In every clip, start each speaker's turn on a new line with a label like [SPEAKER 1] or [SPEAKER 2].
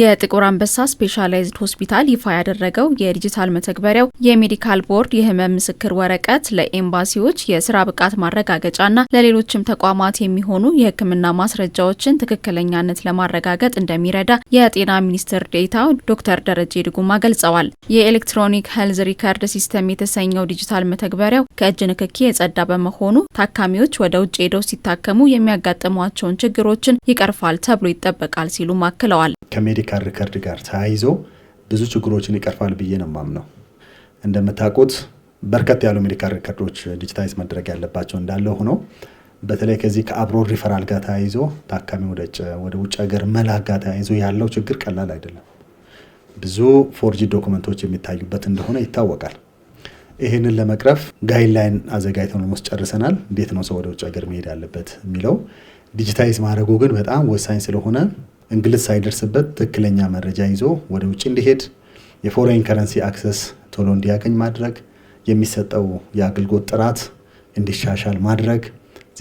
[SPEAKER 1] የጥቁር አንበሳ ስፔሻላይዝድ ሆስፒታል ይፋ ያደረገው የዲጂታል መተግበሪያው የሜዲካል ቦርድ የህመም ምስክር ወረቀት ለኤምባሲዎች የስራ ብቃት ማረጋገጫና ለሌሎችም ተቋማት የሚሆኑ የህክምና ማስረጃዎችን ትክክለኛነት ለማረጋገጥ እንደሚረዳ የጤና ሚኒስትር ዴታው ዶክተር ደረጀ ድጉማ ገልጸዋል። የኤሌክትሮኒክ ሄልዝ ሪከርድ ሲስተም የተሰኘው ዲጂታል መተግበሪያው ከእጅ ንክኪ የጸዳ በመሆኑ ታካሚዎች ወደ ውጭ ሄደው ሲታከሙ የሚያጋጥሟቸውን ችግሮችን ይቀርፋል ተብሎ ይጠበቃል ሲሉ አክለዋል።
[SPEAKER 2] ከሜዲካል ሪከርድ ጋር ተያይዞ ብዙ ችግሮችን ይቀርፋል ብዬ ነው ማምነው። እንደምታውቁት በርከት ያሉ ሜዲካል ሪከርዶች ዲጂታይዝ መድረግ ያለባቸው እንዳለ ሆኖ በተለይ ከዚህ ከአብሮ ሪፈራል ጋር ተያይዞ ታካሚ ወደ ውጭ ሀገር መላክ ጋር ተያይዞ ያለው ችግር ቀላል አይደለም። ብዙ ፎርጂ ዶክመንቶች የሚታዩበት እንደሆነ ይታወቃል። ይህንን ለመቅረፍ ጋይድላይን አዘጋጅተን ሞስ ጨርሰናል። እንዴት ነው ሰው ወደ ውጭ ሀገር መሄድ አለበት የሚለው ዲጂታይዝ ማድረጉ ግን በጣም ወሳኝ ስለሆነ እንግልት ሳይደርስበት ትክክለኛ መረጃ ይዞ ወደ ውጭ እንዲሄድ የፎሬን ከረንሲ አክሰስ ቶሎ እንዲያገኝ ማድረግ፣ የሚሰጠው የአገልግሎት ጥራት እንዲሻሻል ማድረግ፣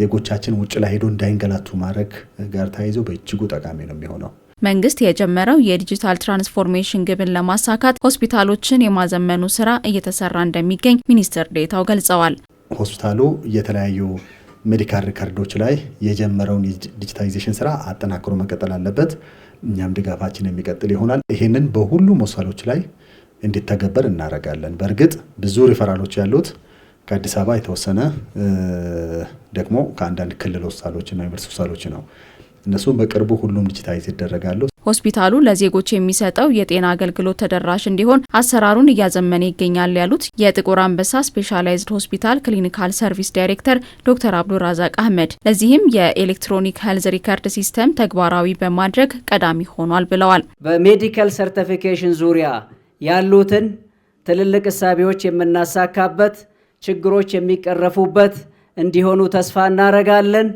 [SPEAKER 2] ዜጎቻችን ውጭ ላይ ሄዶ እንዳይንገላቱ ማድረግ ጋር ተያይዞ በእጅጉ ጠቃሚ ነው የሚሆነው።
[SPEAKER 1] መንግስት የጀመረው የዲጂታል ትራንስፎርሜሽን ግብን ለማሳካት ሆስፒታሎችን የማዘመኑ ስራ እየተሰራ እንደሚገኝ ሚኒስትር ዴታው ገልጸዋል።
[SPEAKER 2] ሆስፒታሉ የተለያዩ ሜዲካል ሪከርዶች ላይ የጀመረውን ዲጂታይዜሽን ስራ አጠናክሮ መቀጠል አለበት። እኛም ድጋፋችን የሚቀጥል ይሆናል። ይህንን በሁሉም ሆስፒታሎች ላይ እንዲተገበር እናደርጋለን። በእርግጥ ብዙ ሪፈራሎች ያሉት ከአዲስ አበባ የተወሰነ ደግሞ ከአንዳንድ ክልል ሆስፒታሎችና ዩኒቨርስቲ ሆስፒታሎች ነው። እነሱ በቅርቡ ሁሉም ዲጂታይዝ ይደረጋሉ።
[SPEAKER 1] ሆስፒታሉ ለዜጎች የሚሰጠው የጤና አገልግሎት ተደራሽ እንዲሆን አሰራሩን እያዘመነ ይገኛል ያሉት የጥቁር አንበሳ ስፔሻላይዝድ ሆስፒታል ክሊኒካል ሰርቪስ ዳይሬክተር ዶክተር አብዱራዛቅ አህመድ ለዚህም የኤሌክትሮኒክ ሄልዝ ሪከርድ ሲስተም ተግባራዊ በማድረግ ቀዳሚ ሆኗል ብለዋል።
[SPEAKER 3] በሜዲካል ሰርቲፊኬሽን ዙሪያ ያሉትን ትልልቅ እሳቢዎች የምናሳካበት ችግሮች የሚቀረፉበት እንዲሆኑ ተስፋ እናደርጋለን።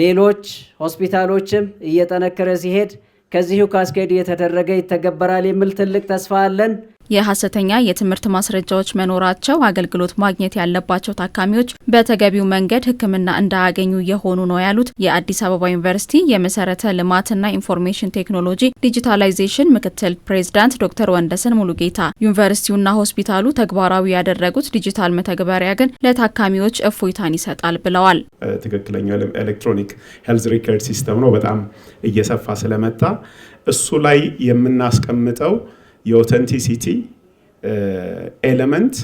[SPEAKER 3] ሌሎች ሆስፒታሎችም እየጠነከረ ሲሄድ ከዚሁ ካስኬድ እየተደረገ ይተገበራል የሚል ትልቅ ተስፋ አለን።
[SPEAKER 1] የሐሰተኛ የትምህርት ማስረጃዎች መኖራቸው አገልግሎት ማግኘት ያለባቸው ታካሚዎች በተገቢው መንገድ ሕክምና እንዳያገኙ የሆኑ ነው ያሉት የአዲስ አበባ ዩኒቨርሲቲ የመሰረተ ልማትና ኢንፎርሜሽን ቴክኖሎጂ ዲጂታላይዜሽን ምክትል ፕሬዝዳንት ዶክተር ወንደሰን ሙሉጌታ፣ ዩኒቨርሲቲውና ሆስፒታሉ ተግባራዊ ያደረጉት ዲጂታል መተግበሪያ ግን ለታካሚዎች እፎይታን ይሰጣል ብለዋል።
[SPEAKER 4] ትክክለኛው ኤሌክትሮኒክ ሄልዝ ሪከርድ ሲስተም ነው በጣም እየሰፋ ስለመጣ እሱ ላይ የምናስቀምጠው የኦተንቲሲቲ ኤለመንት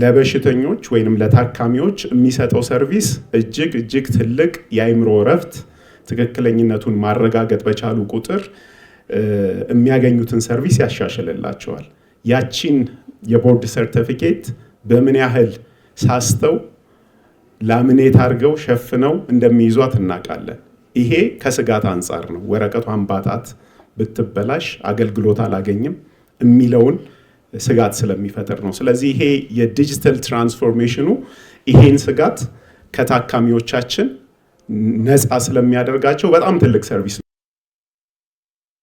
[SPEAKER 4] ለበሽተኞች ወይም ለታካሚዎች የሚሰጠው ሰርቪስ እጅግ እጅግ ትልቅ የአይምሮ እረፍት ትክክለኝነቱን ማረጋገጥ በቻሉ ቁጥር የሚያገኙትን ሰርቪስ ያሻሽልላቸዋል። ያቺን የቦርድ ሰርቲፊኬት በምን ያህል ሳስተው ላምኔት አድርገው ሸፍነው እንደሚይዟት እናውቃለን። ይሄ ከስጋት አንጻር ነው ወረቀቷን ባጣት ብትበላሽ አገልግሎት አላገኝም የሚለውን ስጋት ስለሚፈጥር ነው። ስለዚህ ይሄ የዲጂታል ትራንስፎርሜሽኑ ይሄን ስጋት ከታካሚዎቻችን ነፃ ስለሚያደርጋቸው በጣም ትልቅ ሰርቪስ ነው።